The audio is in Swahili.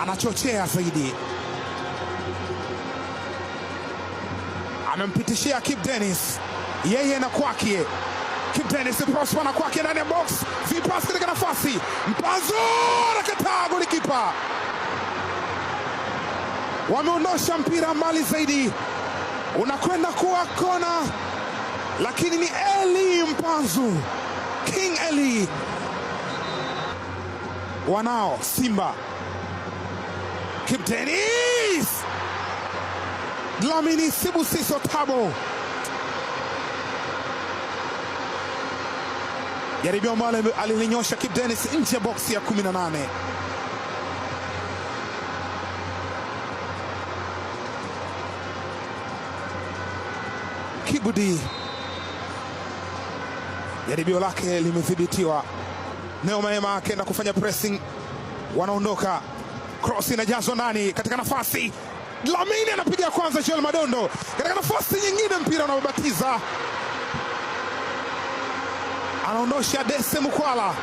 anachochea zaidi, amempitishia Kip Dennis, yeye na kwake Kip Dennis prospa na kwake ndani ya box, vipasi katika nafasi, mpanzu anakataa, golikipa wameondosha mpira mbali zaidi, unakwenda kuwa kona, lakini ni Eli Mpanzu, King Eli wanao Simba. Kim Dennis Dlamini Sibusiso Tabo, jaribio ambalo alilinyosha Kip Dennis nje ya boksi ya 18. Kibudi jaribio lake limedhibitiwa. Neo Maema akaenda kufanya pressing, wanaondoka cross inajazwa ndani katika nafasi Dlamini anapiga kwanza, Joel Madondo katika nafasi nyingine, mpira unababatiza anaondosha Dese Mukwala.